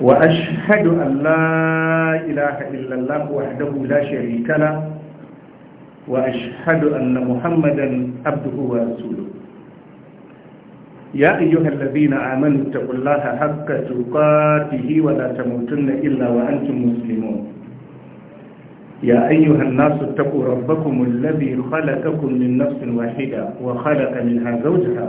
wa ashhadu an la ilaha illallah wahdahu la sharika la wa ashhadu anna muhammadan abduhu wa rasuluhu ya ayyuhallazina amanu taqullaha haqqa tuqatih wa la tamutunna illa wa antum muslimun يا أيها الناس اتقوا ربكم الذي خلقكم من نفس واحدة وخلق منها زوجها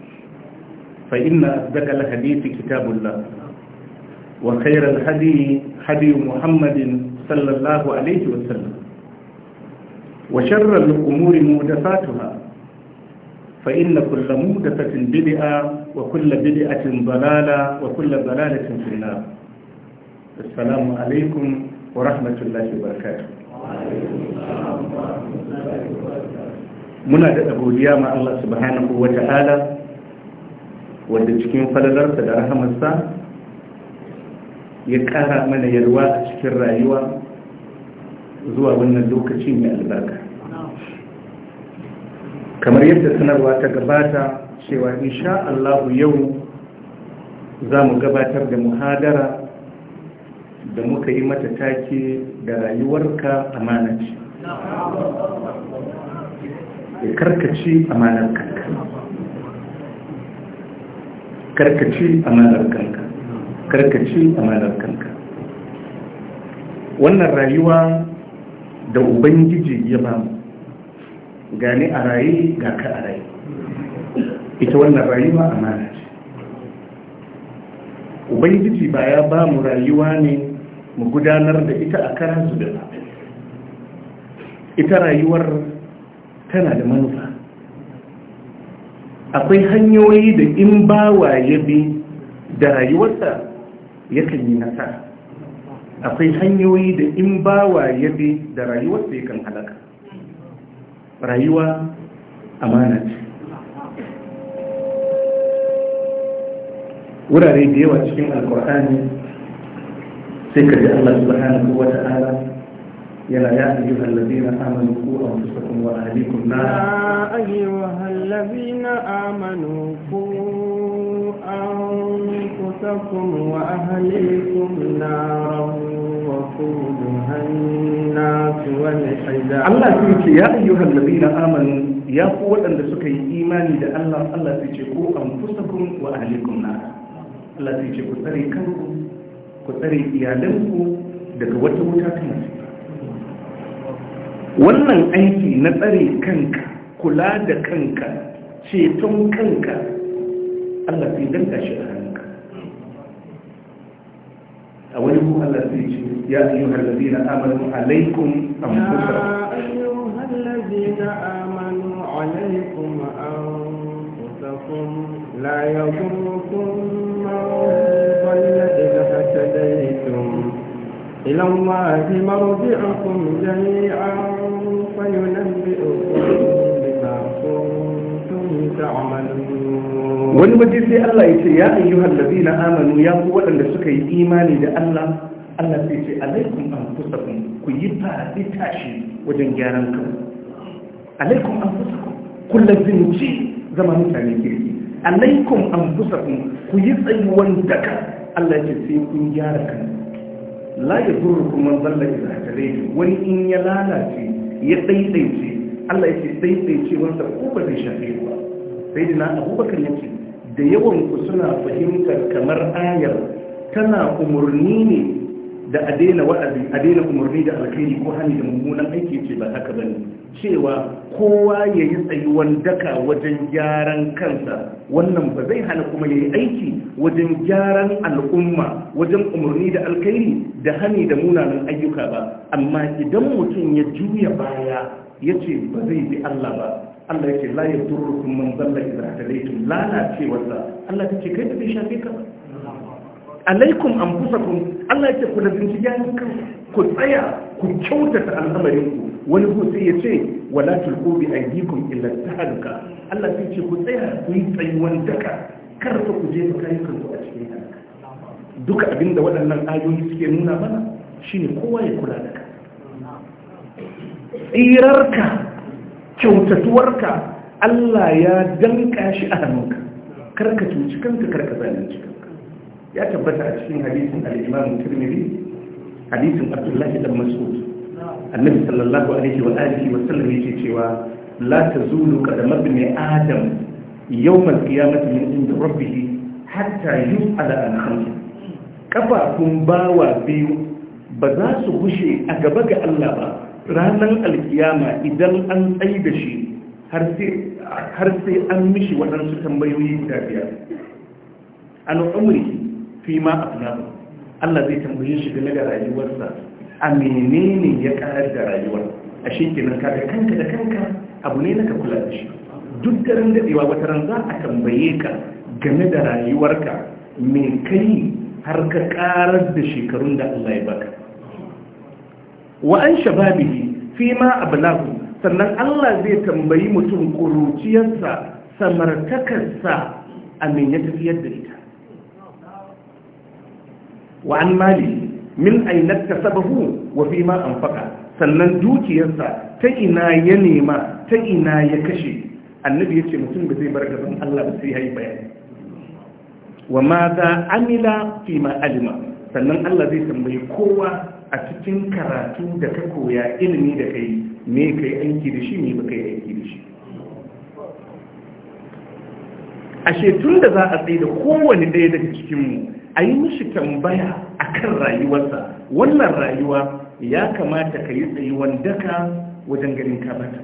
فإن أصدق الحديث كتاب الله وخير الحديث هدي محمد صلى الله عليه وسلم وشر الأمور مودفاتها فإن كل مودفة بدعة وكل بدعة ضلالة وكل ضلالة في النار السلام عليكم ورحمة الله وبركاته muna da godiya ma Allah subhanahu wa ta'ala wanda cikin falalarsa da rahamarsa ya kara mana yalwa a cikin rayuwa zuwa wannan lokaci mai albarka kamar yadda sanarwa ta gabata cewa insha Allahu yau za mu gabatar da muhadara da muka yi mata take da rayuwarka amana ce ya karkaci amanarka karkaci amanar kanka karkaci amanar kanka wannan rayuwa da ubangiji ya ba mu gani a raye ga ka a raye ita wannan rayuwa amana ce ubangiji ba ya ba mu rayuwa ne mu gudanar da ita a karan su da ita rayuwar tana da manufa akwai hanyoyi da in wa ya bi da rayuwarsa yakan yi nasara akwai hanyoyi da in wa ya bi da rayuwarsa yakan halaka rayuwa amana ce wurare da yawa cikin alkur'ani sai ka ji allah subhanahu wa ta'ala يا أيها الذين آمنوا قوا أنفسكم وأهليكم نارا يا أيها الذين آمنوا قوا أنفسكم وأهليكم نارا وقودها الناس والحجارة الله يقول يا أيها الذين آمنوا يا قوة أن تسكي إيماني لأن الله تجيكو أنفسكم وأهليكم نارا الله تجيكو تري كنكم ku tsare iyalanku daga wata wuta ta mace wannan aiki na tsare kanka kula da kanka ceton kanka Allah sai danta shi a hannunka a wani ku Allah fi ce ya ayyuhal ladina amanu alaikum anfusakum ya ayyuhal ladina amanu alaikum anfusakum la yaghurrukum man dhalla idha hadaytum ila Allah kun jami'an wani waje sai Allah ya ce ya ayyuhal na amanu ya ku waɗanda suka yi imani da Allah Allah sai ce alaikum anfusakum ku yi fadi tashi wajen gyaran kanku alaikum anfusakum ku lazimci zama mutane kirki alaikum anfusakum ku yi tsayuwan daka Allah ya ce sai kun gyara kanku la yadurrukum man dalla idza tadaytu wani in ya lalace ya daidaice Allah ya ce daidaice wanda ko ba zai shafe ba sai dina abubakar ya ce da yawan ku suna fahimtar kamar ayar tana umarni ne da a daina wa'azi a daina umarni da alkhairi ko hani da mummunan aiki ce ba haka bane cewa kowa ya yi tsayuwan daka wajen gyaran kansa wannan ba zai hana kuma ya yi aiki wajen gyaran al'umma wajen umarni da alkhairi da hani da munanan ayyuka ba amma idan mutum ya juya baya ya ce ba zai bi Allah ba Allah ya ce la ya turrukum man zalla idza hadaytum lana ce Allah ta ce kai da bai shafe ka ba alaikum kun Allah yake ku da binciken ku tsaya ku kyautata al'amarin ku wani ku sai ya ce wala tulqu bi aydikum illa tahalka Allah sai ce ku tsaya ku yi tsayuwan daka kar fa ku je ku kai a cikin duka abinda waɗannan ayoyi suke nuna mana shine kowa ya kula da ka tsirarka kyautatuwarka Allah ya danka shi a hannunka ka cuci kanka ka zalunci ka ya tabbata a cikin hadisin al-imam tirmidhi hadisin abdullahi dan mas'ud annabi sallallahu alaihi wa alihi wa sallam yake cewa la tazulu qadama ibn adam yawm al-qiyamati min inda rabbih hatta yus'ala an khamsa kafafun bawa biyu ba za su gushe a gaba ga Allah ba ranar alkiyama idan an tsaye da shi har sai an mishi waɗansu tambayoyi guda biyar an umri fi ma afnahu Allah zai tambaye shi game da rayuwarsa a menene ya karar da rayuwar a shi nan kaga kanka da kanka abu ne na ka kula da shi duk daren daɗewa wata ran za a tambaye ka game da rayuwarka me kai har ka karar da shekarun da Allah ya baka wa an shababihi fi ma ablahu sannan Allah zai tambayi mutum kuruciyarsa samartakarsa a me ya tafiyar da ita wa an mali min aina kasabahu wa fi ma faka sannan dukiyarsa ta ina ya nema ta ina ya kashe annabi yace mutum ba zai bar gaban Allah ba sai yayi bayani wa ma za amila fi ma alima sannan Allah zai tambayi kowa a cikin karatu da ka koya ilimi da kai me kai aiki da shi me ba kai aiki da shi ashe tun da za a tsaye da kowane ɗaya daga cikinmu a yi mishi tambaya a kan rayuwarsa wannan rayuwa ya kamata ka yi tsayuwan daka wajen garin kamata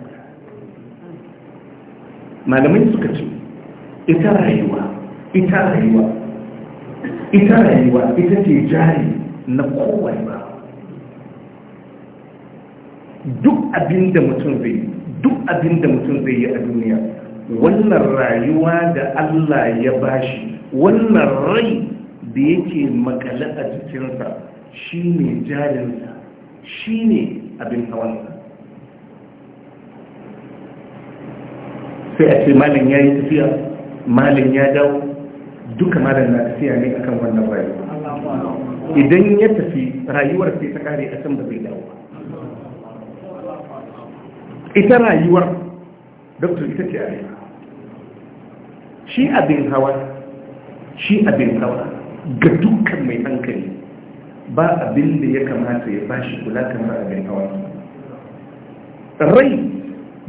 malamai suka ce ita rayuwa ita rayuwa ita rayuwa ita ce jari na kowai ba duk abin da mutum zai yi duk abin da mutum zai yi a duniya wannan rayuwa da allah ya bashi wannan rai da yake makale a jikinsa shi ne jarinsa shi ne abin hawansa sai a ce malin ya yi tafiya malin ya dawo duka malin na tafiya ne akan wannan rayuwa idan ya tafi rayuwar sai ta kare a can da zai dawo ita rayuwar doktor ita ce a shi abin hawa shi abin hawa ga dukkan mai hankali ba abin da ya kamata ya bashi kula kamar abin hawa rai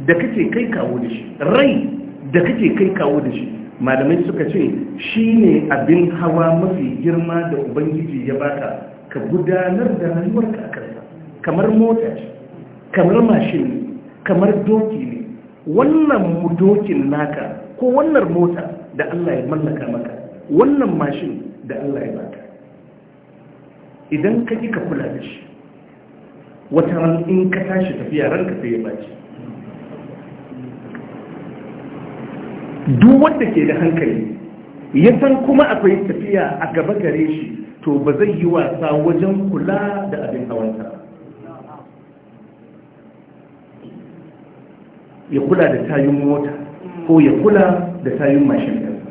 da kake kai kawo da shi rai da kake kai kawo da shi malamai suka ce shi ne abin hawa mafi girma da ubangiji ya baka ka gudanar da rayuwar a kansa kamar mota ce kamar mashin kamar doki ne wannan dokin naka ko wannan mota da allah ya mallaka maka wannan mashin da Allah ya baka idan ka ji ka kula da shi wata ran in ka tashi tafiya ranka sai ya baci duk wanda ke da hankali ya san kuma akwai tafiya a gaba gare shi to ba zai yi wasa wajen kula da abin hawanta ya kula da tayin mota ko ya kula da tayin mashin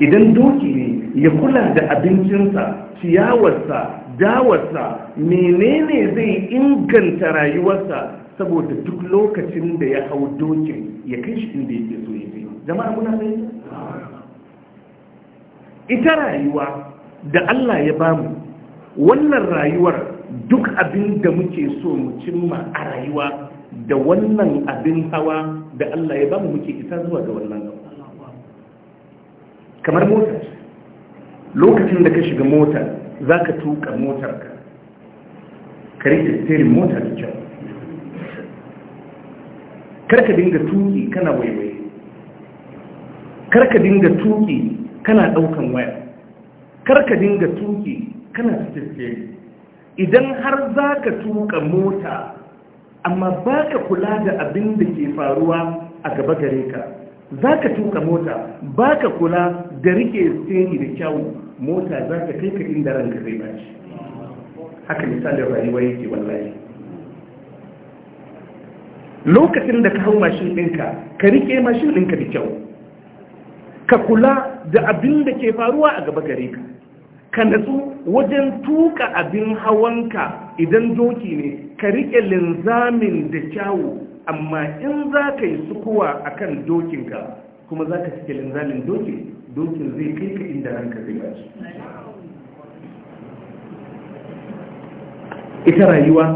idan doki ne ya kula da abincinsa ciyawarsa dawarsa menene zai inganta rayuwarsa saboda duk lokacin da ya hau dokin ya kai shi inda yake so ya kai jama'a muna sai ita rayuwa da Allah ya bamu wannan rayuwar duk abin da muke so mu cimma a rayuwa da wannan abin hawa da Allah ya bamu muke isa zuwa ga wannan kamar mota lokacin da ka shiga mota za ka tuka motarka ka rike tsirin mota da kyau karka dinga tuki kana waiwai karka dinga tuki kana daukan waya karka dinga tuki kana sterin idan har za ka tuka mota amma ba ka kula da abin da ke faruwa a gaba gare ka za ka tuka mota ba ka kula da rike sterin da kyau mota za ka kai ka inda ranka zai shi. haka misalin rayuwa yake wallahi lokacin da ka hau mashin ɗinka ka rike mashin ɗinka da kyau ka kula da abin da ke faruwa a gaba gare ka ka natsu wajen tuka abin hawanka idan doki ne ka rike linzamin da kyawu amma in za ka yi sukuwa kan dokinka kuma za ka cike linzalin dokin dokin zai kai ka inda ranka zai baci ita rayuwa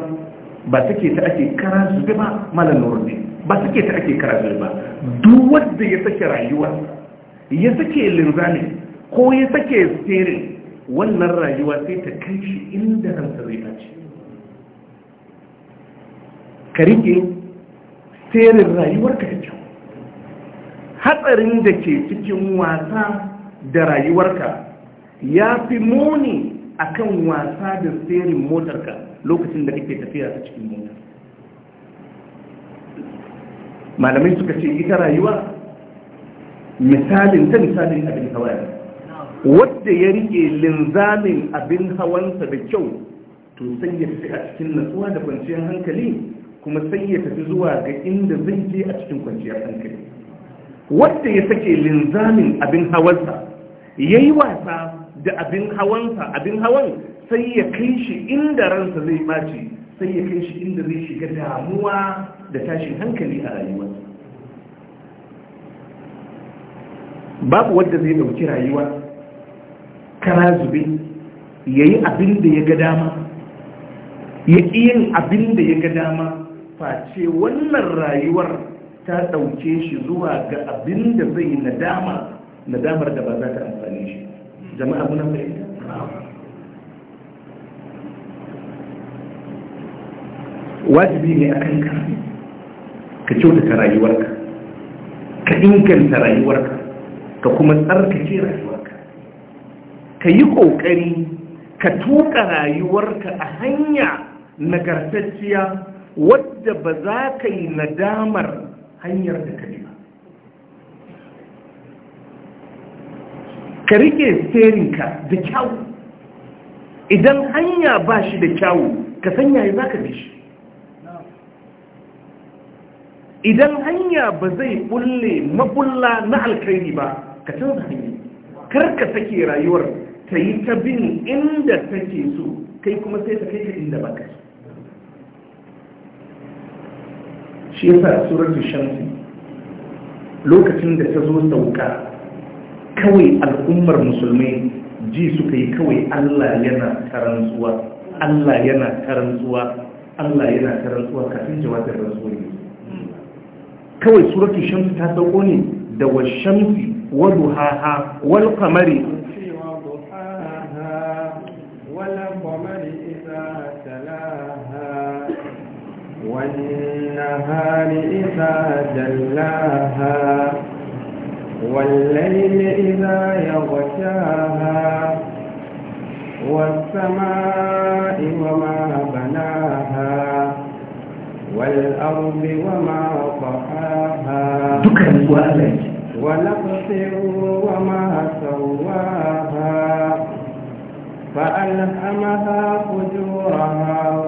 ba take ta ake kara zube ba malar ne ba take ta ake kara zube ba duk wanda ya sake rayuwa ya sake linzalin ko ya sake sterin, wannan rayuwa sai ta kai shi inda ranka zai baci ka rike steering rayuwar da kyau hatsarin da ke cikin wasa da rayuwarka ya fi muni a kan wasa da tserin motarka lokacin da kake tafiya ta cikin mota malamai suka ce ita rayuwa misalin ta misalin abin hawa wadda ya rike linzamin abin hawansa da kyau to sai ya fi a cikin nasuwa da kwanciyar hankali kuma sai ya tafi zuwa ga inda zai je a cikin kwanciyar hankali wanda ya sake linzamin abin hawansa ya yi wasa da abin hawansa abin hawan sai ya kai shi inda ransa zai ɓace sai ya kai shi inda zai shiga damuwa da tashin hankali a rayuwarsa babu wadda zai ɗauki rayuwa kara zube ya yi abin da ya ga dama ya yin abin da ya ga dama face wannan rayuwar ta ɗauke shi zuwa ga abin da zai nadama nadamar da ba za ta amfani shi jama'a muna fahimta wajibi ne a kanka ka kyautata rayuwarka ka inganta rayuwarka ka kuma tsarkake rayuwarka ka yi ƙoƙari ka tuka rayuwarka a hanya nagartacciya wadda ba za ka yi nadamar hanyar da ka nema ka rike sterinka da kyau idan hanya ba shi da kyawu ka sanya ya za ka bishi idan hanya ba zai bulle mabulla na alkairi ba ka canza hanyar karka take rayuwar ta yi ta bin inda take so kai kuma sai ta kai ka inda ba ka so shi yasa suratul shamsi lokacin da ta zo sauka kawai al'ummar musulmai ji suka yi kawai Allah yana tarantsuwa Allah yana tarantsuwa Allah yana tarantsuwa kafin jawabin rasuli kawai suratul shamsi ta sauko ne da washamsi wa duhaha wal qamari والقمر إذا جلاها والليل إذا يغشاها والسماء وما بناها والأرض وما طحاها ونقص وما سواها فألهمها فجورها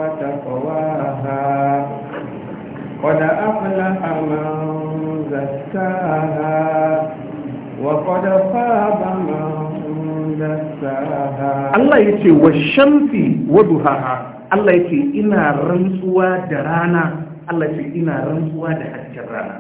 أفلح من زكاها وقد خاب من دساها الله يتي والشمس وضحاها الله يتي إنا رنسوا درانا الله يتي إنا رنسوا دحجرانا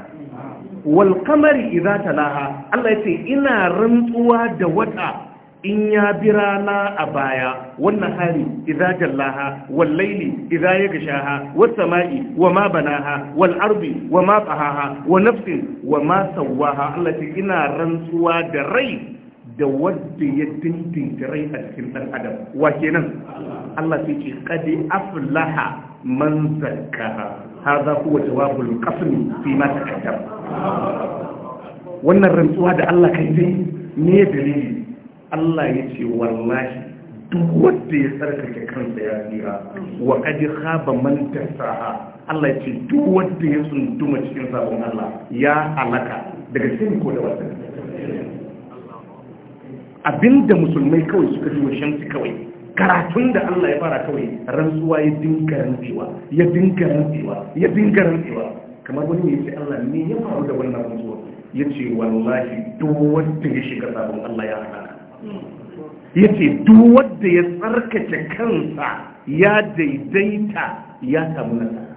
والقمر إذا تلاها الله يتي إنا رنسوا دوتا in ya bi rana a baya wannan hari idza jallaha wal layli idza yaghshaha was sama'i wa ma banaha wal ardi wa ma qahaha wa nafsin wa ma sawaha Allah ce ina rantsuwa da rai da wanda ya dindinta rai a cikin dan adam wa kenan Allah sai ce qad aflaha man zakkaha hadha huwa jawabul qasmi fi ma taqaddam wannan rantsuwa da Allah kai ne dalili Allah ya ce wallahi duk wanda ya tsarkake kansa ya tsira wa kadi khaba man tasaha Allah ya ce duk wanda ya tsunduma cikin sabon Allah ya alaka daga cikin ko da wannan abinda musulmai kawai suka yi wa shamsi kawai karatun da Allah ya fara kawai rantsuwa ya dinga rantsuwa ya dinga rantsuwa ya dinga rantsuwa kamar wani ya ce Allah ne ya faru da wannan rantsuwa ya ce wallahi duk wanda ya shiga sabon Allah ya alaka ya ce wadda ya tsarkace kansa ya daidaita ya samu nasara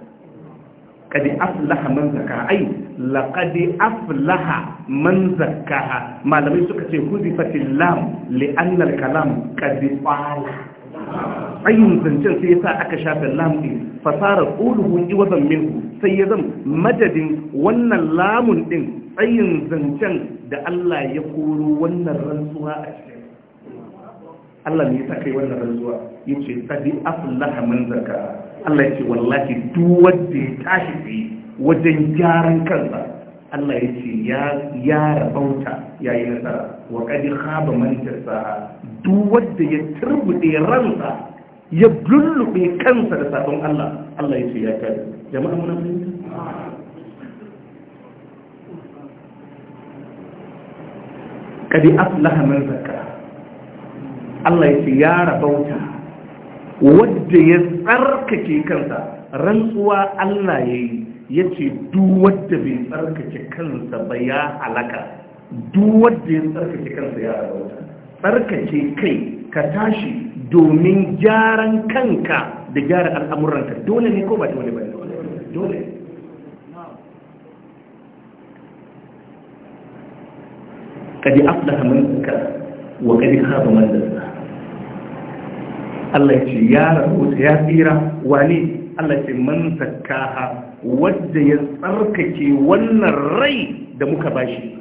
kadi aflaha man zaka ai laqadi aflaha man zaka malamai suka ce fatil lam li anna al kalam kadi fala ayin zancen sai yasa aka shafe lamun fasara quluhu iwazan minhu sai ya madadin wannan lamun ɗin tsayin zancen da Allah ya koro wannan rantsuwa a cikin Allah ne ya sa kai wannan rantsuwa yace qad aflaha man zaka Allah yace wallahi duk wanda ya tashi tsaye wajen gyaran kansa Allah yace ya ya rabauta yayi nasara wa qad khaba man tasaa duk wanda ya turbude ransa ya blullube kansa da sabon Allah Allah yace ya kada jama'a mun fahimta kadi aflaha man zakka Allah ya ce ya rabauta wadda ya tsarkake kansa rantsuwa Allah ya yi ya ce duwadda wadda bai tsarkake kansa ba ya halaka duwadda wadda ya tsarkake kansa ya rabauta tsarkake kai ka tashi domin gyaran kanka da gyara al'amuranka dole ne ko ba ta wani ba dole kadi man ka wa kadi khaba man Allah ya ce ya rahoto ya tsira wane Allah ya ce man zakaha wadda ya tsarkake wannan rai da muka bashi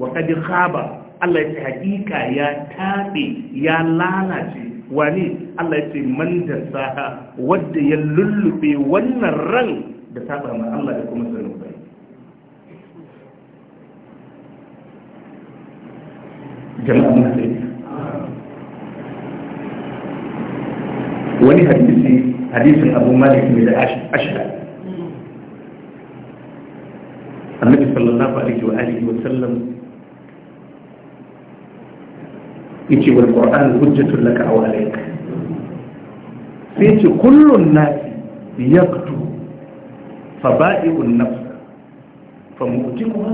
wa kad khaba Allah ya ce hakika ya tabe ya lalace wane Allah ya ce man dassaha wadda ya lullube wannan ran da saba ma Allah da kuma sanin jama'a wani hadisi hadisin abu malik mai da ashida annabi sallallahu alaihi wa alihi wa sallam yace wal qur'an hujjatul laka aw alayka sai yace kullun nas yaqtu fa ba'i'un nafs fa mu'tiquha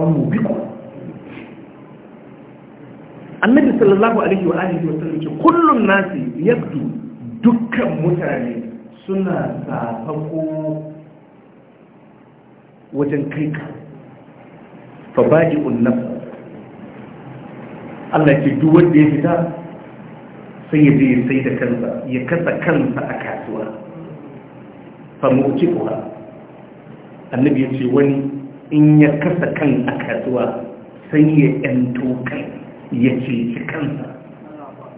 aw mubiquha annabi sallallahu alaihi wa alihi wa sallam yace kullun nas yaqtu dukkan mutane suna safako wajen kai ka fa baji unnaf Allah ke duk wanda ya fita sai ya je ya sai da kansa ya kasa kansa a kasuwa fa mu'ci kuwa annabi ya ce wani in ya kasa kan a kasuwa sai ya ɗan kan ya ce shi kansa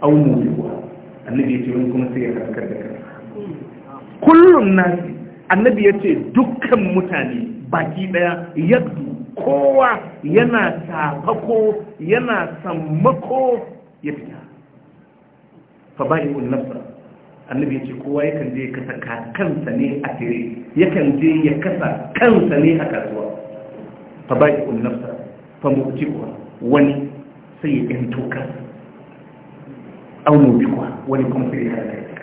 au mu'ci kuwa annabi ya ce wani kuma sai ya karkar da kai kullum na annabi ya ce dukkan mutane baki daya ya kowa yana tafako yana sammako ya fita fa ba yi'un nafsa annabi ya ce kowa yakan je ya kasa kansa ne a tere yakan je ya kasa kansa ne a kasuwa fa ba yi'un nafsa fa mu mu'tiquha wani sai ya yanto kansa au mutuwa wani kuma sai ya halaka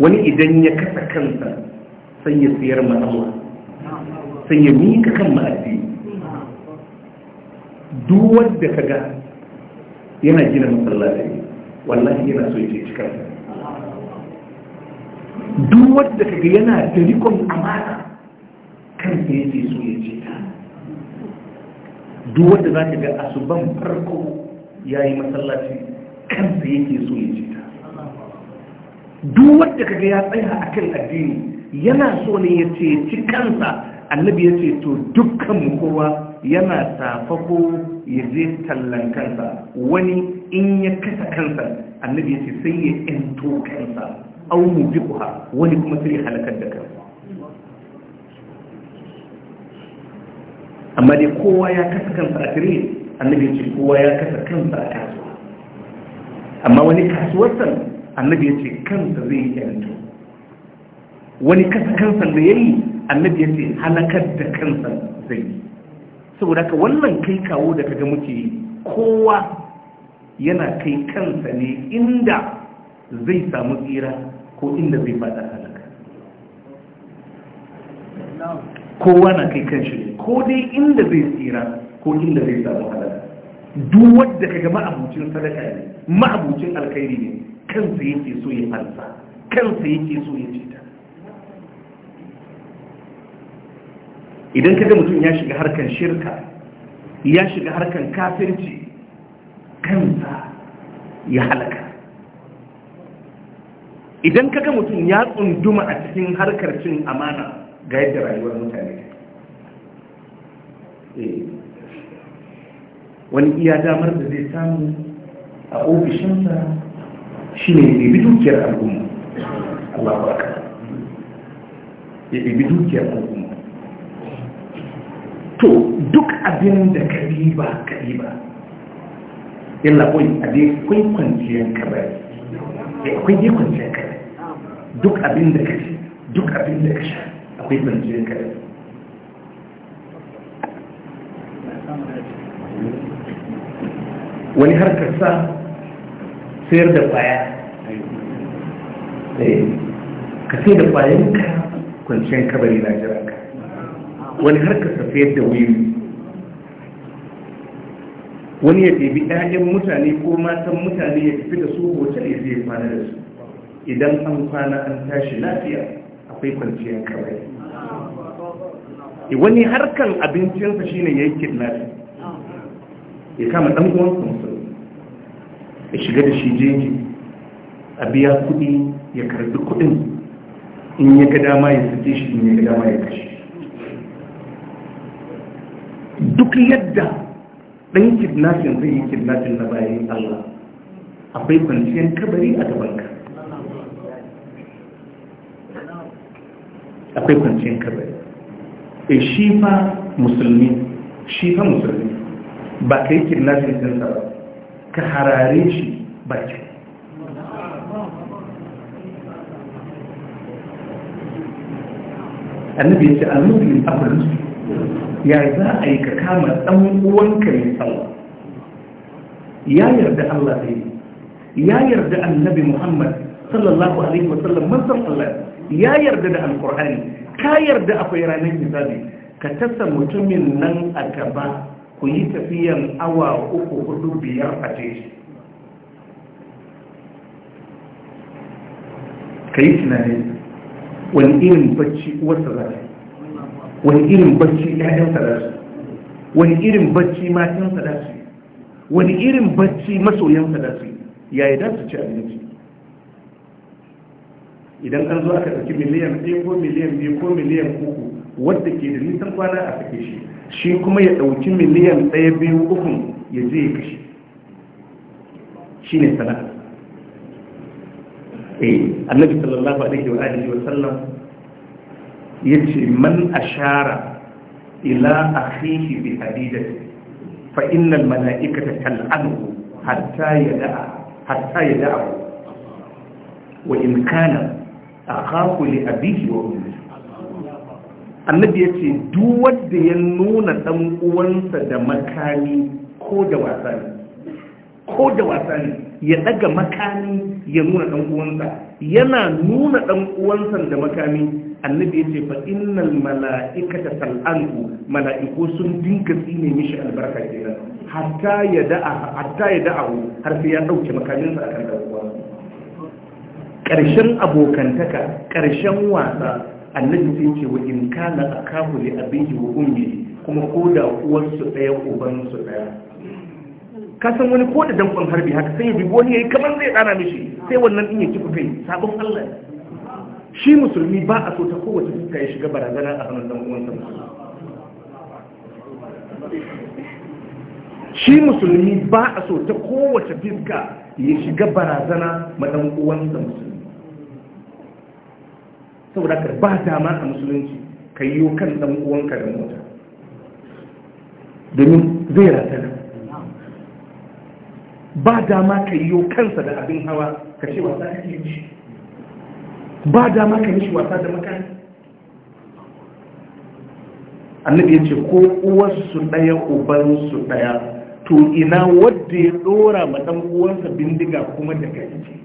wani idan ya kasa kansa sai ya siyar ma'amura sai ya mika kan ma'addi duk wanda ka ga yana gina masallaci wallahi yana so ya ce cikar duk wanda ka ga yana da rikon amana kan sai ce so ya ce ta duk wanda za ka ga asuban farko ya yi masallaci kansa yake so ya ce ta duk wanda kaga ya tsaya akan addini yana so ne ya ce ci kansa annabi ya ce to dukkan mu kowa yana safako ya je tallan kansa wani in ya kasa kansa annabi ya ce sai ya ento kansa au mu bi kuha wani kuma sai ya halakar da kansa amma dai kowa ya kasa kansa a tire annabi ya ce kowa ya kasa kansa a kansa amma wani san annabi ya ce kansa zai yi yanto wani kansa da ya yi annabi ya ce halakar da kansa zai yi saboda ka wannan kai kawo da kaga muke kowa yana kai kansa ne inda zai samu tsira ko inda zai fada halaka kowa na kai kanshi ko dai inda zai tsira ko inda zai samu halaka duk wadda kaga ma'abucin sadaka ne ma'abucin alkhairi ne kansa yake so ya fansa kansa yake so ya cita idan kaga mutum ya shiga harkan shirka ya shiga harkan kafirci kansa ya halaka idan kaga mutum ya tsunduma a cikin harkar cin amana ga yadda rayuwar mutane wani iya damar da zai samu a ofishinsa shi ne ya ɗibi dukiyar al'umma Allah ba ka ya ɗibi dukiyar al'umma to duk abin da ka ba, ka ba. yalla kawai abin kwai kwanciyar kabari eh, akwai dai kwanciyar kabari duk abin da ka ci duk abin da ka sha akwai kwanciyar kabari wani harkar sa sayar da kwaya eh, ka sai da kwayanka kwanciyar kabari na jira ka wani harkar sa sayar da wiwi wani ya ɗebi ɗayan mutane ko matan mutane ya tafi da su hotel ya zai kwana da su idan an kwana an tashi lafiya akwai kwanciyar kabari eh, wani harkan abincinsa shine ya yi kidnapping ya kama ɗan uwansa ya shiga da shi jeji a biya kudi ya karbi kudin in ya ga dama ya sake shi in ya ga dama ya kashe duk yadda ɗan kidnafin zai yi kidnafin na bayan Allah akwai kwanciyar kabari a gabanka akwai kwanciyar kabari e shi fa musulmi shi fa musulmi ba ka yi kidnafin zai ba ka harare shi baki annabi ya ce a nufin abin ya za a yi ka kama ɗan ka mai tsawo ya yarda Allah da yi ya yarda annabi Muhammad sallallahu alaihi wasallam manzon Allah ya yarda da alkur'ani ka yarda akwai ranar hisabi ka tasa mutumin nan a gaba ku yi tafiyan awa uku hudu biyar a teji ka yi tunanin wani irin bacci wasu za ta wani irin bacci ‘ya'yansa za su wani irin bacci matansa za su wani irin bacci masoyansa za su yayi da su ci abinci idan an zo aka ɗauki miliyan ɗaya ko miliyan biyu ko miliyan uku wadda ke da nisan kwana a sake shi shi kuma ya ɗauki miliyan ɗaya biyu ukun ya je ya kashe shi ne sana'a eh annabi sallallahu alaihi wa alihi wa sallam yace man ashara ila akhihi bi hadidati fa innal malaikata tal'anuhu hatta yada'a hatta yada'a wa in kana akhaku li abihi wa annabi ya ce duk wanda ya nuna dan uwansa da makami ko da wasa ne ko da wasa ya daga makami ya nuna dan uwansa yana nuna dan uwansa da makami annabi ya ce fa innal mala'ikata sal'anku mala'iku sun dinka tsine mishi albarka kenan hatta ya da'a hatta ya da'ahu har sai ya dauke makaminsa akan dan uwansa karshen abokantaka karshen wasa annabi sun ce wa in kana akahu li abihi wa ummi kuma ko da uwarsu daya uban su daya ka san wani ko da danfan harbi haka sai ya bi wani yayi kamar zai dana mishi sai wannan din ya kifa kai sabon Allah shi musulmi ba a so ta kowace fuska ya shiga barazana a hannun dan uwansa shi musulmi ba a so ta kowace fuska ya shiga barazana ma dan uwansa musulmi saboda ka ba dama a musulunci ka yi kan dan uwanka da mota domin zai ratana ba dama ka yi kansa da abin hawa ka ce wasa ka yi shi ba dama ka shi wasa da makani annabi ya ce ko uwarsu ɗaya ubansu ɗaya to ina wadda ya ɗora ma ɗan uwansa bindiga kuma da kai ce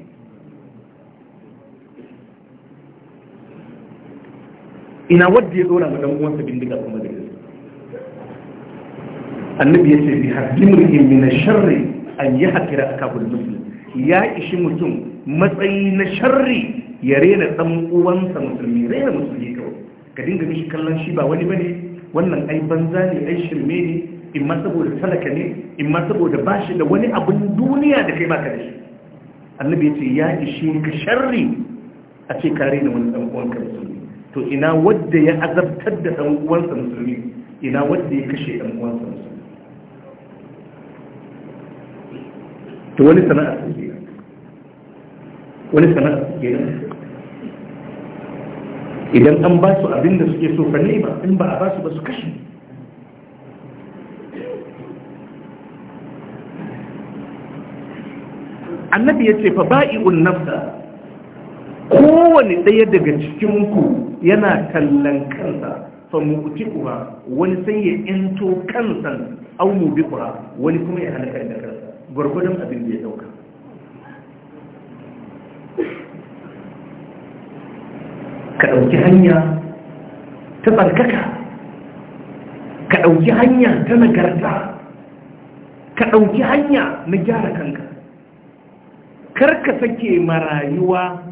ina wadda ya dora ma dan uwansa bindiga kuma da gaske annabi yace bi hadimrihi min ash-sharri an yahkira akabul muslim ya ishi mutum matsayi na sharri ya rena dan uwansa musulmi rena musulmi kawai ka dinga mishi kallon shi ba wani bane wannan ai banza ne ai shirme ne in ma saboda talaka ne in ma saboda bashi da wani abun duniya da kai baka da shi annabi yace ya ishi ka sharri a ce ka rena wani dan uwanka musulmi to ina wadda ya azabtar da ɗan uwansa musulmi ina wadda ya kashe ɗan uwansa musulmi to wani sana'a su wani sana'a su idan an ba su abin da suke so fanne ba in ba a ba su ba su kashe annabi ya ce fa ba'i'un nafsa kowane ɗaya daga cikinku yana tallan kansa famuti kuma wani sai ya yanto kansan au bi kura wani kuma ya halaka da kansa gwargwadon abin da ya dauka ka ɗauki hanya ta tsarkaka ka ɗauki hanya ta nagarta ka ɗauki hanya na gyara kanka kar ka sake marayuwa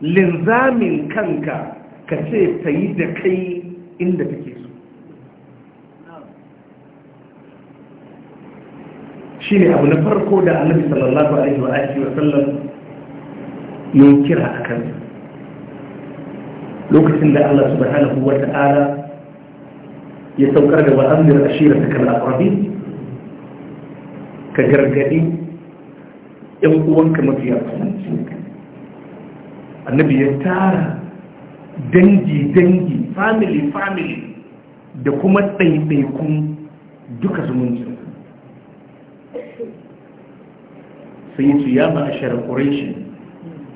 linzamin kanka ka ce ta yi da kai inda take so shi ne abu na farko da annabi sallallahu alaihi wa aiki wa sallam ya yi kira a kan lokacin da Allah subhanahu wa ta'ala ya saukar da a ashira ta kan akwari ka gargadi yan uwanka mafiya kusanci annabi ya tara dangi dangi family family da kuma ɗaiɗaikun duka zumuncin sai yi ya ba a shara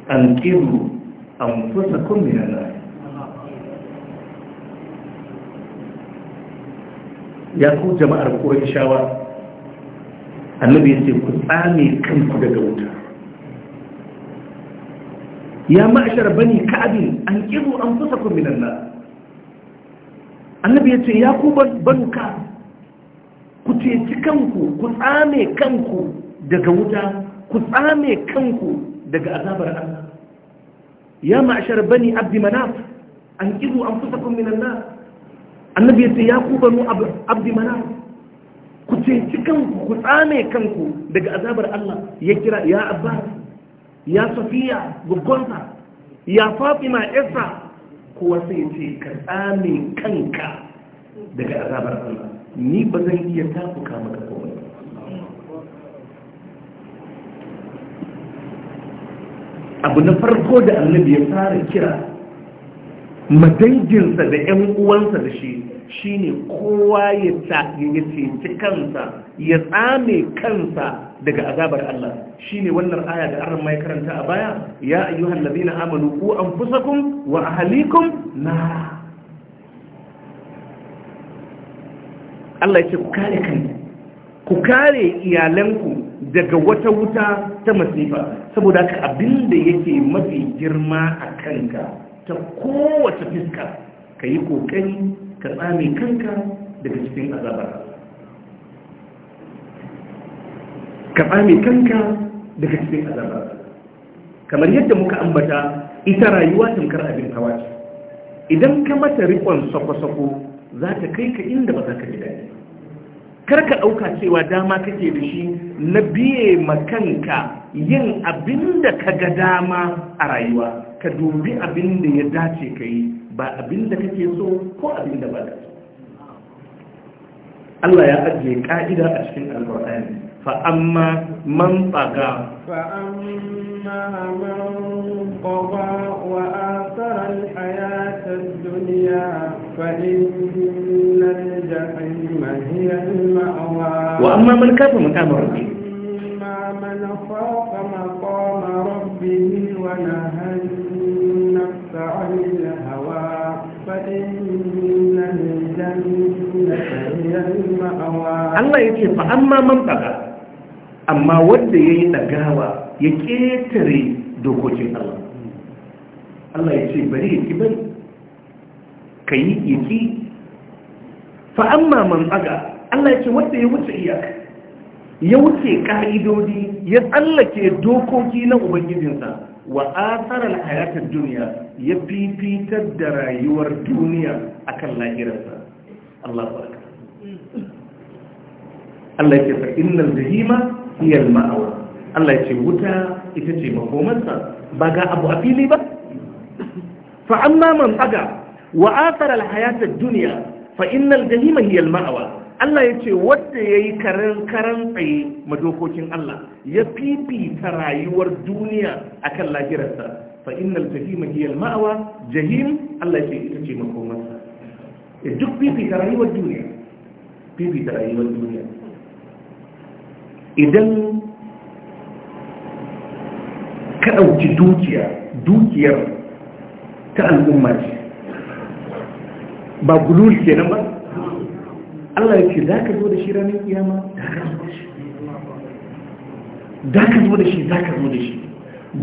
an ƙiru an fusa kummina ya ku jama'ar shawa annabi ya ce ku tsame kanku daga wuta ya ma'ashar bani ka'abin an kiru an fusa kun minan na annabi ya ce ya ku banu ka ku ceci kanku ku tsame kanku daga wuta ku tsame kanku daga azabar Allah ya ma'ashar bani abdi manaf an kiru an fusa kun minan na annabi ya ce ya ku banu abdi manaf ku ceci kanku ku tsame kanku daga azabar Allah ya kira ya abbas ya safiya gubbansa ya fatima yarsa kowa sai ce ka tsame kanka daga azabar Allah ni ba zan iya tafuka maka komai abu na farko da annabi ya fara kira madanginsa da 'yan uwansa da shi shi ne kowa ya ceci kansa ya tsame kansa daga azabar Allah Shi ne wannan aya da aran mai karanta a baya ya ayyuhan ladina amanu ku kun? wa halikun na Allah ya ce ku kare kan, ku kare iyalanku daga wata wuta ta masifa saboda ka abinda yake mafi girma a kanka ta kowace fiska ka yi kokari ka tsame kanka daga cikin azabar ka tsame kanka daga cikin azabar kamar yadda muka ambata ita rayuwa tamkar abin hawa ce idan ka mata rikon sako-sako za ta kai ka inda ba za ka ji daɗi kar ka ɗauka cewa dama kake da shi na biye makanka yin abin da ka ga dama a rayuwa ka dubi abin da ya dace ka yi ba abin da kake so ko abin da ba da so Allah ya ajiye ka'ida a cikin alkur'ani fa amma man tsaga fa amma man qada wa a al-hayata ad-dunya fa inna al-jahima hiya mawa wa amma man kafa maqama rabbih amma man khafa maqama rabbih wa nahana Allah ya ce fa الجنة هي المأوى amma wanda ya yi بغى ya ƙetare dokokin Allah Allah ya ce bari ya ki bari ka yi ya Fa fa'amma man tsaga Allah ya ce wanda ya wuce iyaka ya wuce ƙa'idodi ya tsallake dokoki na Ubangijinsa wa asarar hayatar duniya ya fifitar da rayuwar duniya a kan lahirarsa Allah barka Allah ke fa innal jahima hiya al ma'awa Allah ce wuta ita ce makomarsa ba ga abu a fili ba fa amma man aga wa asarar hayatar duniya fa innal jahima hiya al ma'awa Allah ya ce wadda ya yi karan karan tsaye madokokin Allah ya fifita rayuwar duniya a kan lahirarsa fa innal jahima hiya ma'awa jahim Allah ya ce ita ce makomarsa ya duk fifita rayuwar duniya fifita rayuwar duniya idan ka ɗauki dukiya dukiyar ta al'umma ce ba gulul kenan ba Allah ya ce za ka zo da shi ranar kiyama za ka zo da shi za ka zo da shi za ka zo da shi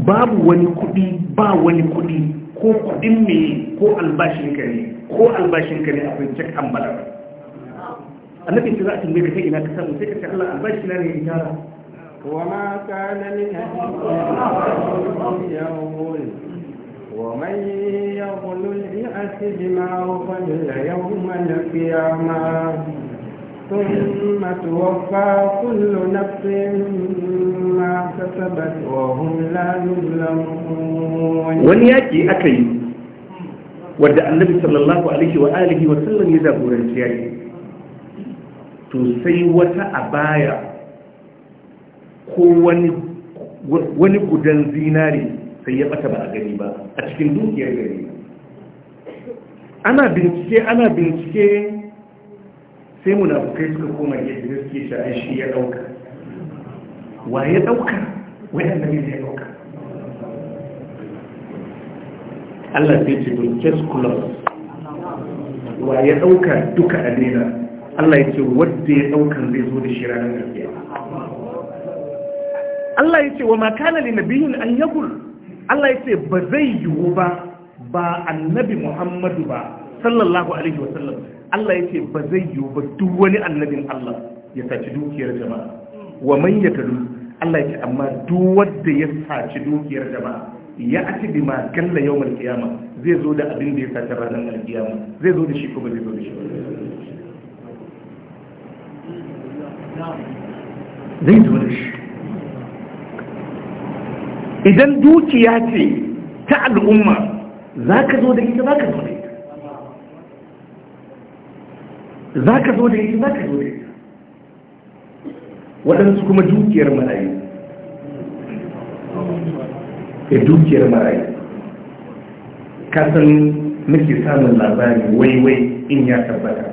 babu wani kudi ba wani kudi ko kudin ne ko albashin ka ne ko albashin ka ne akwai cek an balar annabi ce za a tambaye ka ta ina ka samu sai ka ce Allah albashi na ne in tara وما كان لنبي يغل ومن يغل يأت بما غل يوم القيامة ثم توفى كل نفس ما كسبت وهم لا يظلمون وني اكي اكي ودا النبي صلى الله عليه واله وسلم اذا يعني يذهب رجعي تسي وتأبايا هو wani gudan zinare sai ya bata ba a gani ba a cikin dukiyar gari ana bincike ana bincike sai munafukai suka koma gefe da suke sha'ai shi ya ɗauka wa ya ɗauka wai annabi zai ɗauka Allah ya ce bulkes kulos wa ya ɗauka duka a nena Allah ya ce wadda ya dauka zai zo da shi ranar gaskiya Allah ya ce wa makana li nabiyin an yakul Allah ya ce ba zai yiwu ba ba annabi Muhammadu ba sallallahu alaihi wa sallam Allah ya ce ba zai yiwu ba duk wani annabin Allah ya saci dukiyar jama'a wa man yatalu Allah ya ce amma duk wanda ya saci dukiyar jama'a ya ati bi ma galla yawmal qiyama zai zo da abin da ya saci ranar qiyama zai zo da shi kuma zai zo da shi zai zo da shi idan dukiya ce ta al'umma za ka zo da ita za ka zo da ita za ka zo da ita za ka zo da ita waɗansu kuma dukiyar marayu da dukiyar marayu kasan nake samun labari waiwai in ya tabbata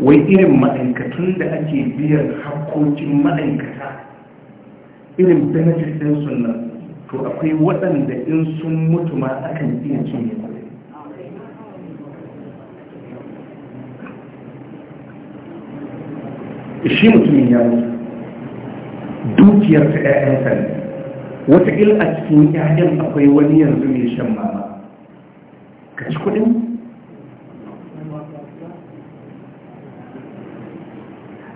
wai irin ma'aikatun da ake biyan hakkokin ma'aikata irin benefit ɗinsu nan to akwai waɗanda in sun mutu ma akan iya cinye shi mutumin ya mutu dukiyar ta ne wata a cikin ƴaƴan akwai wani yanzu mai shan mama ka ci kuɗin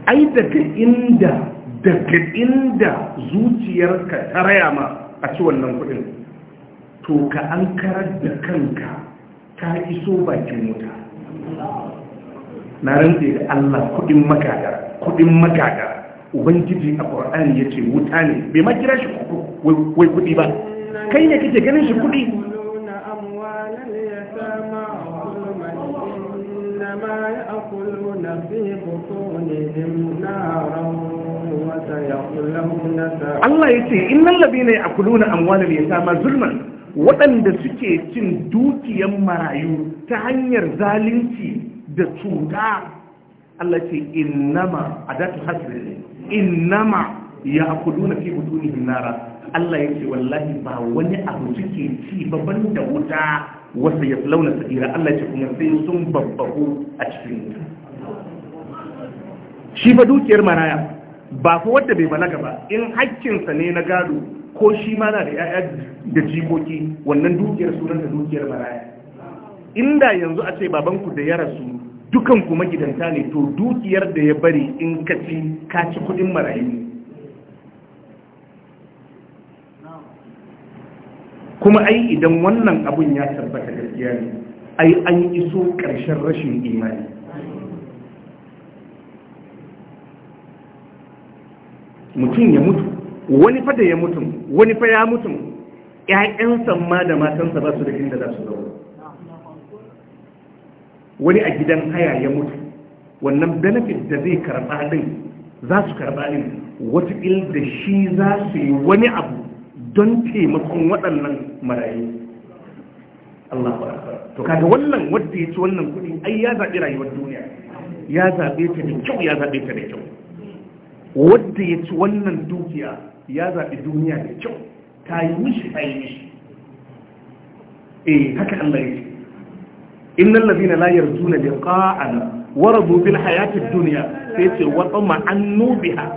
ai daga inda daga inda zuciyarka ta raya ma a ci wannan kuɗin to ka an karar da kanka ta iso bakin wuta na rantse da allah kuɗin makadar kuɗin magada ubangiji a ƙwar'ani ya ce wuta ne bai ma kira shi wai kuɗi ba kai ne kake ganin shi kuɗi Allah ya ce inan labi ne a kuluna amwalar ya sama zulman waɗanda suke cin dukiyan marayu ta hanyar zalunci da cuta Allah ce innama adatu hasbi innama ya'kuluna fi butunihim nara Allah yake wallahi ba wani abu suke ci ba da wuta wasa ya launa sadira Allah ce kuma sai sun babbahu a cikin wuta shi fa dukiyar maraya ba fa wanda bai balaga ba in hakkinsa ne na gado ko shi ma na da ya'ya da jikoki wannan dukiyar sunan da dukiyar maraya inda yanzu a ce babanku da ya rasu dukan kuma gidanta ne to dukiyar da ya bari in ka ci ka ci kudin marayu kuma ai idan wannan abun ya tabbata gaskiya ne ai an iso ƙarshen rashin imani mutum ya mutu wani fa da ya mutum wani fa ya mutum ƴaƴansa ma da matansa ba su da inda za su zauna wani a gidan haya ya mutu wannan benefit da zai karɓa ɗin za su karɓa ɗin watakil da shi za su yi wani abu don taimakon waɗannan marayu Allah ba to kaga wannan wadda ya ci wannan kuɗi ai ya zaɓi rayuwar duniya ya zaɓe ta da kyau ya zaɓe ta da kyau Wadda ya ci wannan dukiya ya zaɓi duniya da kyau ta yi mishi ta yi mishi eh haka Allah ya ce innal ladina la yarjuna liqa'ana wa radu bil hayati dunya sai ce wa tsamma annu biha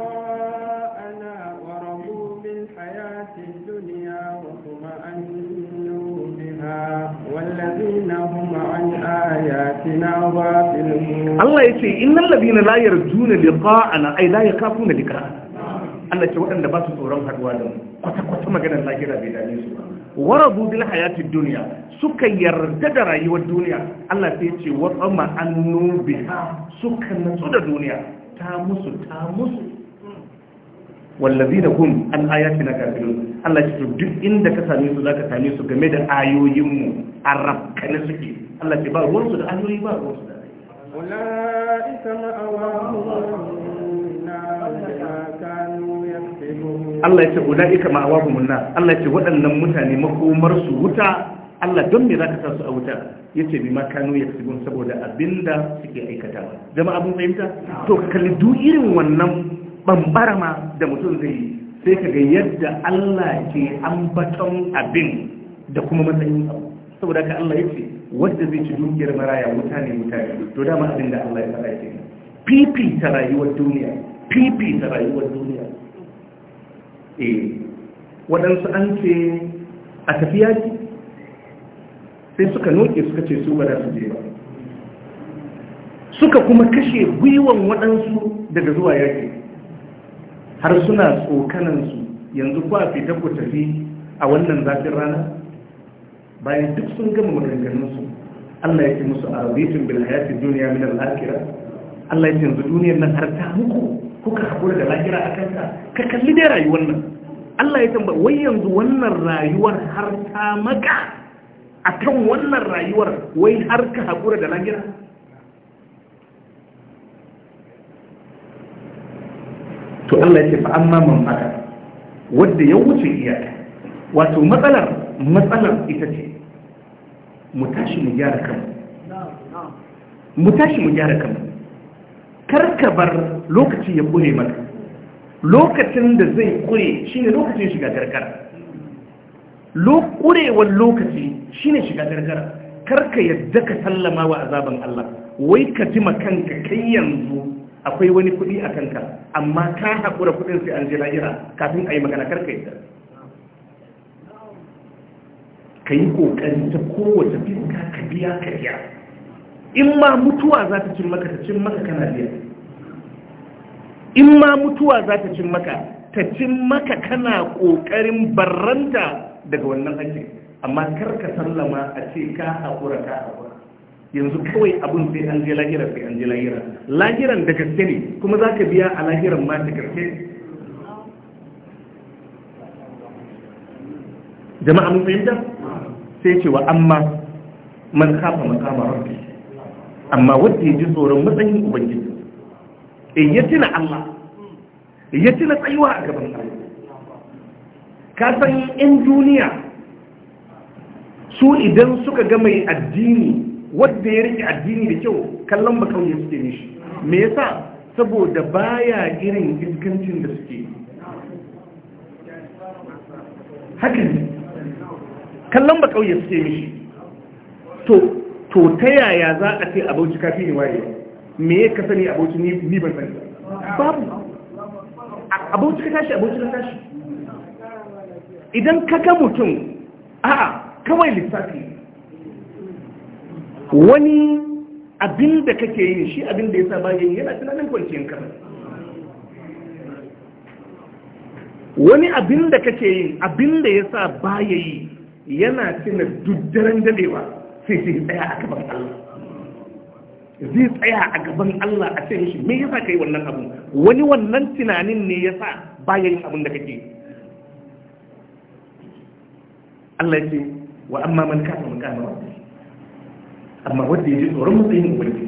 Allah ya ce innal a la yarjuna liqa'ana ay la yakafuna Allah ce waɗanda ba su tsoron haduwa da mu kwata-kwata maganar lagira bai dame su ba waradu bil hayatid dunya suka yarda da rayuwar duniya Allah sai ce wa amma annu biha suka natsu da duniya ta musu ta musu wallazina hum an ayatina kafirun Allah ya ce duk inda ka same su zaka same su game da ayoyin mu kana suke Allah ya ce ba ruwan su da ayoyi ba ruwan su da ayoyi sama ma'awahum Allah ya ce ma awabu munna Allah ya ce waɗannan mutane makomar su wuta Allah don me zaka sa su a wuta yace bi ma kanu sigun saboda abinda suke aikata, jama'a mun fahimta to kalli du irin wannan ma da mutum zai yi sai ka ga yadda Allah ke ambaton abin da kuma matsayin abu saboda ka Allah ce wanda zai ci dukiyar maraya mutane-mutane, to dama abin da Allah ya faɗa yake ta rayuwar duniya ta rayuwar duniya eh waɗansu an ce a tafiya ce sai suka noke suka ce su gada su je ba suka kuma kashe gwiwan waɗansu daga zuwa yaƙi har suna tsokanansu yanzu kuwa fita ku tafi a wannan zafin rana bayan duk sun gama maganganunsu Allah ya ce musu a rabitin bilhayatin duniya min al'akira Allah ya ce yanzu duniyar nan har ta muku kuka haƙura da lahira a kanta ka kalli dai rayuwar nan Allah ya tambaya wai yanzu wannan rayuwar har ta maka akan wannan rayuwar wai har ka haƙura da lagira? to Allah ya ce fa amma man maka wanda ya wuce iyaka wato matsalar matsalar ita ce mu tashi mu gyara kanmu mu tashi mu gyara kanmu kar ka bar lokaci ya kure maka lokacin da zai kure shine lokacin shiga gargara kurewar lokaci shine shiga gargara karka yadda ka sallama wa azaban Allah wai ka ji kanka kai yanzu akwai wani kuɗi a kanka amma ka haƙura kuɗin sai an je lahira kafin a yi magana karka yadda ka yi ƙoƙari ta kowace fiska ka biya ka biya in ma mutuwa za ta cin maka ta cin maka kana biya in ma mutuwa za ta cin maka ta cin maka kana ƙoƙarin barranta daga wannan hanyar amma kar ka sallama a ce ka haƙura ka haƙura yanzu kawai abin sai an je lahira sai an je lahira lahiran da gaske ne kuma za ka biya a lahiran ma da gaske jama'a mun fahimta sai cewa amma man kafa makama rabbi amma wanda ya ji tsoron matsayin ubangiji Eh, ya tuna Allah eh, ya tuna tsayuwa a gaban Allah ka san in duniya su idan suka ga mai addini wadda ya rike addini da kyau kallon ba kauye suke ne shi me yasa saboda baya irin iskancin da suke haka ne kallon ba kauye suke mishi to to ta yaya za a ce abauci kafi ne waye me ya kasa ne abokin ni ban sani babu abokin ka tashi abokin ka tashi idan ka ga mutum a'a kawai lissafi wani abin da kake yin shi abin da ya sa bayan yana tunanin kwanciyar kama wani abin da kake yin abin da ya sa baya yi yana tuna duk daren dadewa sai sai tsaya a gaban Allah zai tsaya a gaban Allah a ce mishi me yasa kai wannan abu wani wannan tunanin ne yasa baya yin abin da kake Allah ya ce wa amma man kafa man kana amma wanda ya ji tsoron matsayin ubangiji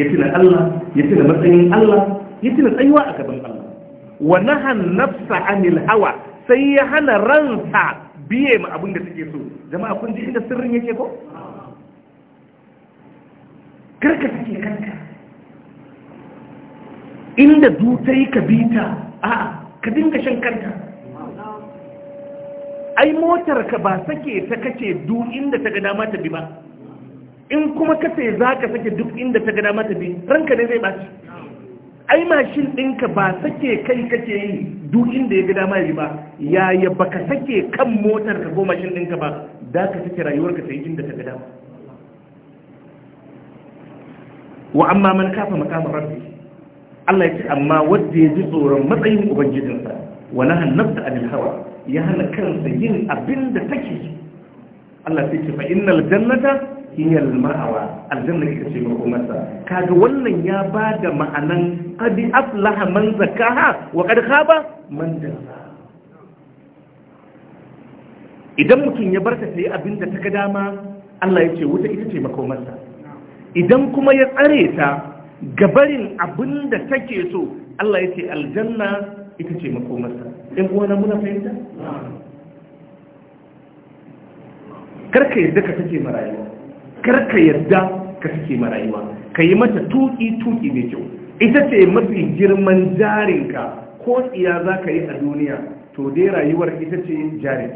ya tuna Allah ya tuna matsayin Allah ya tuna tsayuwa a gaban Allah wa nahan nafsa anil hawa sai ya hana ransa biye ma abin da take so jama'a kun ji inda sirrin yake ko karka take kanka inda dutai ka bita a ka dinga shan kanka ai motar ka ba sake ta kace du inda ta ga dama ta bi ba in kuma ka sai za ka sake duk inda ta ga dama ta bi ranka ne zai baci ai mashin ɗinka ba sake kai kake yi duk inda ya ga dama bi ba yaya ba ka sake kan motar ka ko mashin ɗinka ba da ka sake rayuwarka ta yi inda ta ga dama wa amma man kafa makamin rabbi Allah ya ce amma wanda ya ji tsoron matsayin ubangijinsa wa nahan nafsa anil hawa ya hana kansa yin abin da take Allah ya ce fa innal jannata hiya al-ma'awa aljanna ita ce makomarsa kaga wannan ya ba da ma'anan qad aflaha man zakaha wa qad khaba man dassaha idan mutum ya barka ta yi abin da ta ga dama Allah ya ce wuta ita ce makomarsa idan kuma ya tsare ta gabarin abin da take so Allah ya ce aljanna ita ce makomarsa ɗan na muna fahimta? karka yarda ka take marayuwa karka yarda ka take marayuwa ka yi mata tuki-tuki mai kyau ita ce mafi girman jarinka ko tsiya za ka yi a duniya to dai rayuwar ita ce jarin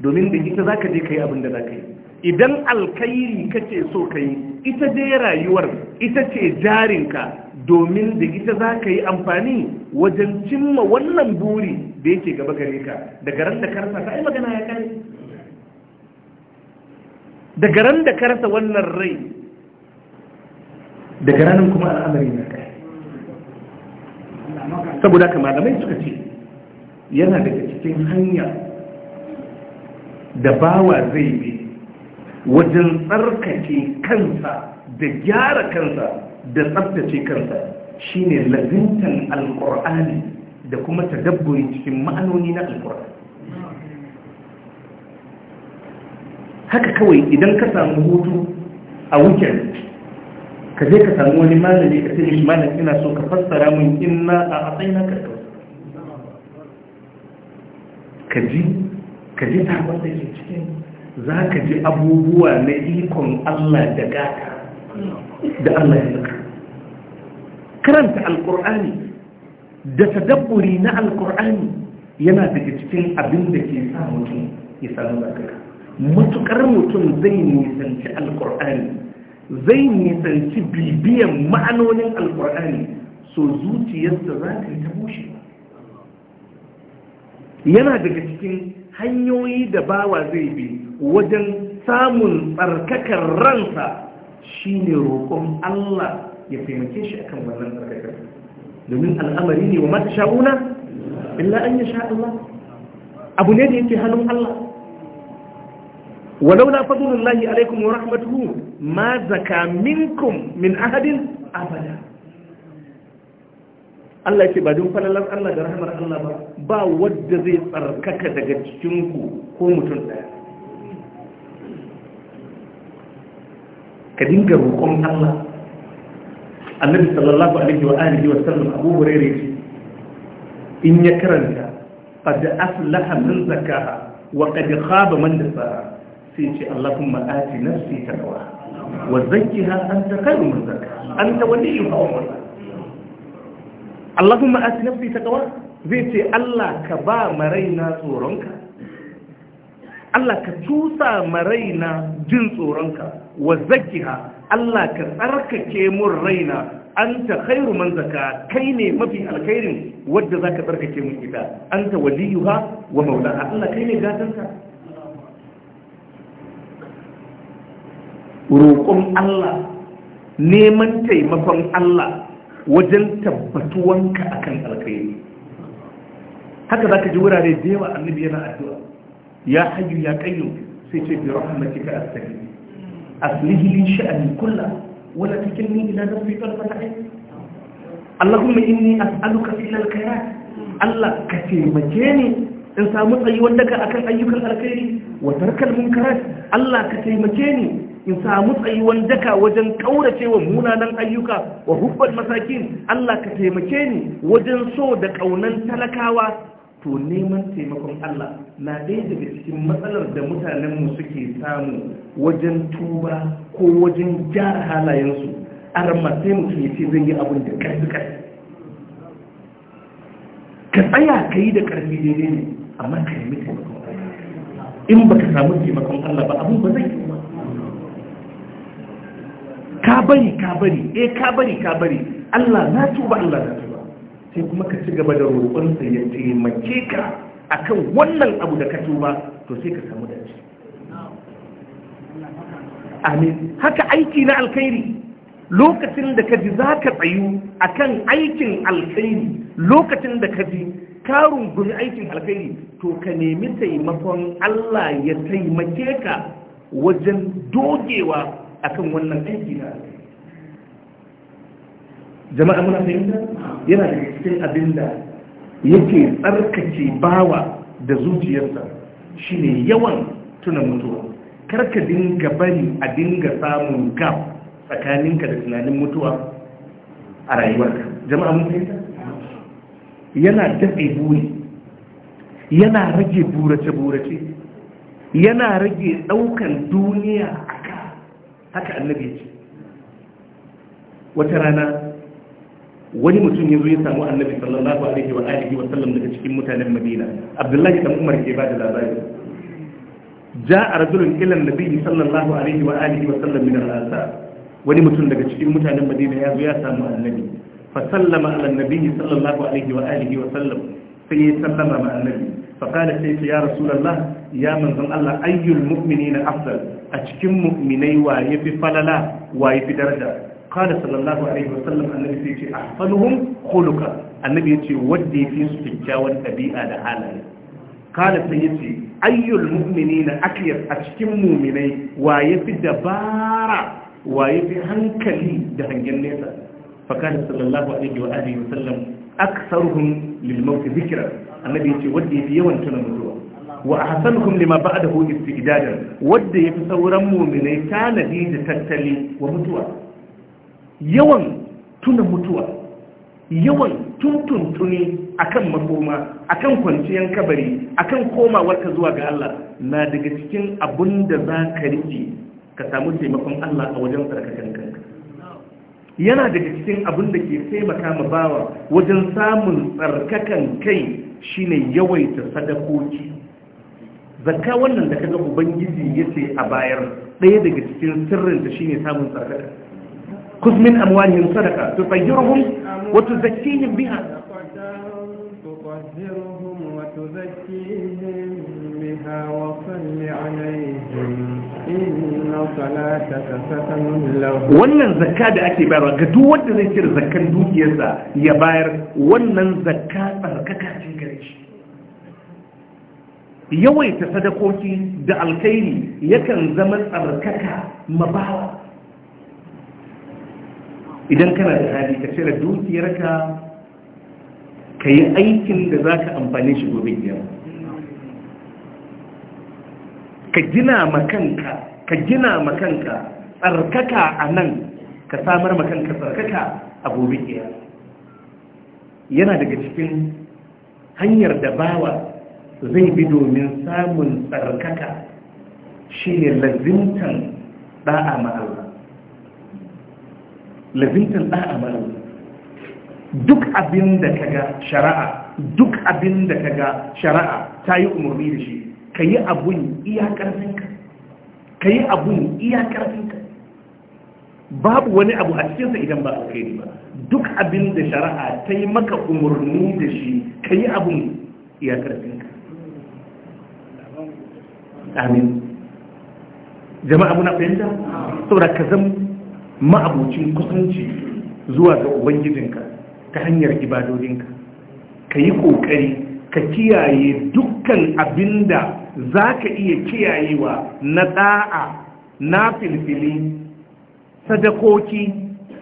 domin da ita za ka je ka yi abin da za ka yi idan alkhairi ce so ka yi ita dai rayuwar ita ce jarinka domin da ita za ka yi amfani wajen cimma wannan buri da yake gaba gare ka daga ran da karsa ta magana ya kare daga ran da karsa wannan rai daga ranar kuma al'amari na kai saboda ka malamai suka ce yana daga cikin hanya da bawa zai bi wajen tsarkake kansa da gyara kansa da tsabtace kansa shi ne lazimtan alkur'ani da kuma tadabburi cikin ma'anoni na alkur'ani haka kawai idan ka samu hutu a weekend ka je ka samu wani malami ka sai malam ina so ka fassara min inna a atsaina ka ka ji ka ji ta wasa cikin za ka ji abubuwa na ikon Allah da gata da Allah ya zaka karanta alkur'ani da tadabburi na alkur'ani yana daga cikin abin da ke sa mutum ya samu zakaka matukar mutum zai nisanci alkur'ani zai nisanci bibiyan ma'anonin alkur'ani so zuciyarsa za ka yi ta bushe yana daga cikin hanyoyi da bawa zai bi wajen samun tsarkakar ransa shi ne roƙon Allah ya taimake shi akan wannan tsarkakar domin al'amari ne wa mata sha'una illa an yi sha'allah abu ne da yake hannun Allah ولولا فضل الله عليكم ورحمته ما زكى منكم min ahadin, abada. Allah ce ba don falalar Allah da rahamar Allah ba ba wadda zai tsarkaka daga cikinku ko mutum ɗaya ka dinga roƙon Allah annabi sallallahu alaihi wa alihi wa sallam Abu Hurairah ce in ya karanta qad aflaha man zakaha wa qad khaba man dasaha sai ce Allahumma ati nafsi taqwa wa zakkiha anta khairu man zakkaha anta waliyuha wa mawlaha Allahumma ati nafsi taqwa zai ce Allah ka ba maraina tsoronka Allah ka tusa maraina jin tsoronka wa zakkiha Allah ka tsarkake mun raina anta khairu man zaka kai ne mafi alkhairin wadda zaka tsarkake mun ita anta waliyuha wa maulaha Allah kai ne gatanta roƙon Allah neman taimakon Allah wajen tabbatuwanka akan alkhairi haka zaka ji wurare da yawa annabi yana addu'a ya hayyu ya qayyum sai ce bi rahmatika astaghfir أصلح لي شأني كله ولا تكلني إلى نفسي طرفة عين اللهم إني أسألك إلى الخيرات الله كثير مجاني in samu tsayuwar daga akan ayyukan alkhairi wa tarkal munkarat Allah ka taimake ni in samu tsayuwar daka wajen ƙauracewa wa munanan ayyuka wa hubbal masakin Allah ka taimake ni wajen so da kaunan talakawa to neman taimakon Allah na ɗaya daga cikin matsalar da mutanenmu suke samu wajen tuba ko wajen gyara halayensu a rammatai mutum ya ce zai yi abin da ƙarfi ƙarfi ka tsaya ka yi da ƙarfi daidai ne amma ka yi mutum in ba ka samu taimakon Allah ba abin ba zai yi ba ka bari ka bari eh ka bari ka bari Allah na tuba Allah na tuba sai kuma ka ci gaba da roƙon sa ya taimake ka akan wannan abu da ka tuba to sai ka samu dace amin haka aiki na alkhairi lokacin da ka ji za ka tsayu akan aikin alkhairi lokacin da ka ji ka rungumi aikin alkhairi to ka nemi taimakon Allah ya taimake ka wajen dogewa kan wannan aiki na alkhairi jama'a muna fahimta yana da cikin abin da yake tsarkake bawa da zuciyarsa shine yawan tuna mutuwa karka dinga bari a dinga samun gab tsakaninka da tunanin mutuwa a rayuwarka jama'a mun fahimta yana daɗe buri yana rage burace-burace yana rage ɗaukan duniya haka annabi ce wata rana wani mutum ya zo ya samu annabi sallallahu alaihi wa alihi wa sallam daga cikin mutanen madina abdullahi dan umar ke bada labari ja'a rajulun ila annabi sallallahu alaihi wa alihi wa sallam min al-ansar wani mutum daga cikin mutanen madina ya zo ya samu annabi fa sallama ala annabi sallallahu alaihi wa alihi wa sallam sai ya sallama ma annabi fa qala sai ya rasulullah ya manzon Allah ayyul mu'minina afdal a cikin mu'minai wa fi falala wa fi daraja qala sallallahu alaihi wasallam annabi sai ce ahsanuhum khuluqa annabi yace wanda yafi su kyakkyawan ɗabi'a da halaye qala sai yace ayyul mu'minina akhyar a cikin mu'minai wa yafi dabara wa yafi hankali da hangen nesa fa kana sallallahu alaihi wa alihi wasallam aktharuhum lil maut dhikra annabi yace wanda yafi yawan tuna mutuwa wa ahsanuhum lima ba'dahu istidadan wanda yafi sauran mu'minai tanadi da tattali wa mutuwa yawan tuna mutuwa yawan tuntuntuni akan makoma akan kwanciyar kabari akan komawarka zuwa ga Allah na daga cikin abun da za ka riƙe ka samu taimakon Allah a wajen tsarkakan kanka yana daga cikin abun da ke taimaka ma bawa wajen samun tsarkakan kai shine yawaita sadakoki zakka wannan da kaga ubangiji yace a bayar ɗaya daga cikin sirrinta shine samun tsarkaka خذ من أموالهم صدقة تطيرهم وتزكيهم بها تطهرهم وتزكيهم بها وصل عليهم إن صلاتك سكن لهم wannan zakka da ake bayarwa ga duk wanda zai cire zakkan dukiyarsa ya bayar wannan zakka tsarkaka ce gare shi yawaita sadakoki da alkhairi yakan zama tsarkaka mabawa idan kana da hali ka cire dukiyarka ka yi aikin da za ka amfani shi gobe biyar ka gina makanka ka tsarkaka a nan ka samar makanka tsarkaka a gobe biyar yana daga cikin hanyar da bawa zai bi domin samun tsarkaka shi ne lazimtan ɗa'a ma'aura lazimtan da'a mana duk abin da kaga shari'a duk abin da ga shara'a ta yi umarni da shi ka yi abun iya ka yi abin iyakarfinka babu wani abu a cikinsa idan ba kai ba duk abin da shari'a ta yi maka umarni da shi ka yi abun iya amin jama'a muna fahimta saboda ka zama ma'abucin kusanci zuwa ga ubangijinka ta hanyar ibadodinka ka yi ƙoƙari ka kiyaye dukkan abin da za ka iya kiyayewa na ɗa'a na filfili sadakoki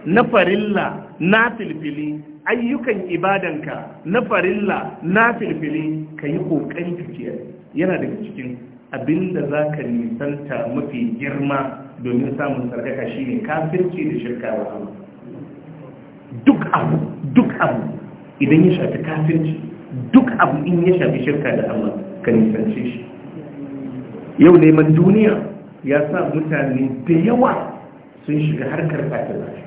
na farilla na filfili ayyukan ibadanka na farilla na filfili ka yi ƙoƙari ka kiyaye yana daga cikin abinda za ka nisanta mafi girma domin samun sarkaka shi ne kafirci da shirka wa Allah duk abu duk abu idan ya shafi kafirci duk abu in ya shafi shirka da Allah ka nisance shi yau neman duniya ya sa mutane da yawa sun shiga harkar fatilashi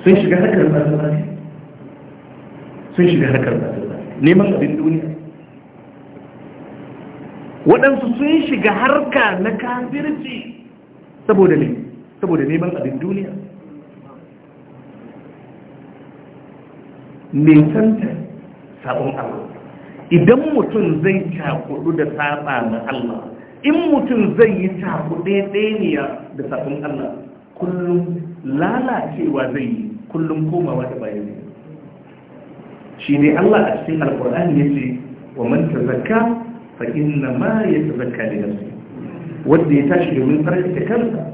sun shiga harkar fatilashi sun shiga harkar fatilashi neman abin duniya waɗansu sun shiga harka na kafirci saboda ne saboda neman abin duniya nesanta sabon allah idan mutum zai cakudu da saba na allah in mutum zai yi cakudu ɗaya da sabon allah kullum lalacewa zai yi kullum komawa da bayan shi ne allah a cikin alkur'ani ya ce wa manta zakka ma ya ta yatazakka da nafsi Wadda ya tashi domin farka kansa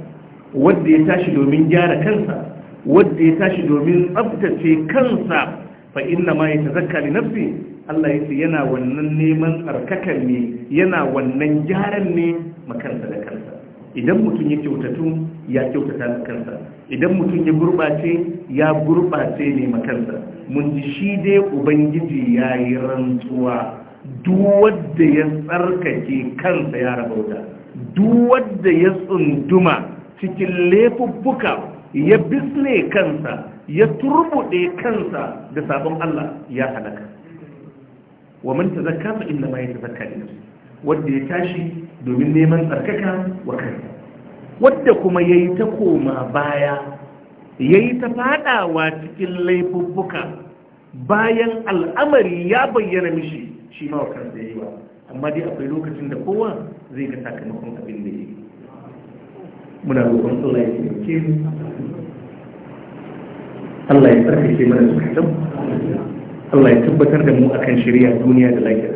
wadda ya tashi domin gyara kansa wadda ya tashi domin tsabtace kansa ma ya ta yatazakka da nafsi Allah ya ce yana wannan neman tsarkakar ne yana wannan gyaran ne makarsa da kansa idan mutum ya kyautatu ya kyautata kansa. idan mutum ya gurbace ya gurbace ne makarsa mun ji shi dai ubangiji yi rantsuwa duwadda ya tsarkake kansa ya rabauta duwadda ya tsunduma cikin laifuffuka ya bisne kansa ya turbuɗe kansa da sabon Allah ya halaka wa man tazakka fa inna ma yatazakka li nafsi wanda ya tashi domin neman tsarkaka wa kansa wanda kuma yayi ta koma baya yayi ta fadawa cikin laifuffuka bayan al'amari ya bayyana mishi shi ma wa kansa yi wa amma dai akwai lokacin da kowa zai ga sakamakon abin da yi muna roƙon Allah ya taimake mu Allah ya tsarkake mana zukatan Allah ya tabbatar da mu akan shirya duniya da lafiya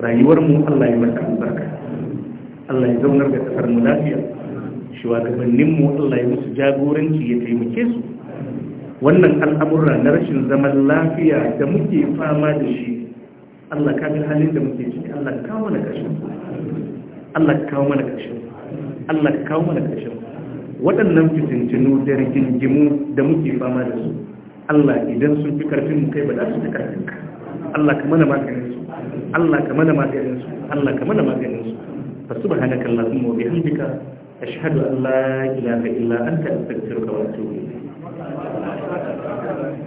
rayuwar mu Allah ya masa albarka Allah ya zaunar da kasar mu lafiya shugabannin mu Allah ya musu jagoranci ya taimake su wannan al'amurra na rashin zaman lafiya da muke fama da shi Allah ka ga halin da muke ciki Allah ka kawo mana kashin Allah ka kawo mana kashin Allah ka kawo mana kashin waɗannan fitintinu da rigingimu da muke fama da su Allah idan sun fi karfin mu kai ba za su fi karfin ka Allah ka mana maganin su Allah ka mana maganin su Allah ka mana maganin su fa subhanaka allahumma wa bihamdika ashhadu an la ilaha illa anta astaghfiruka wa atubu ilayk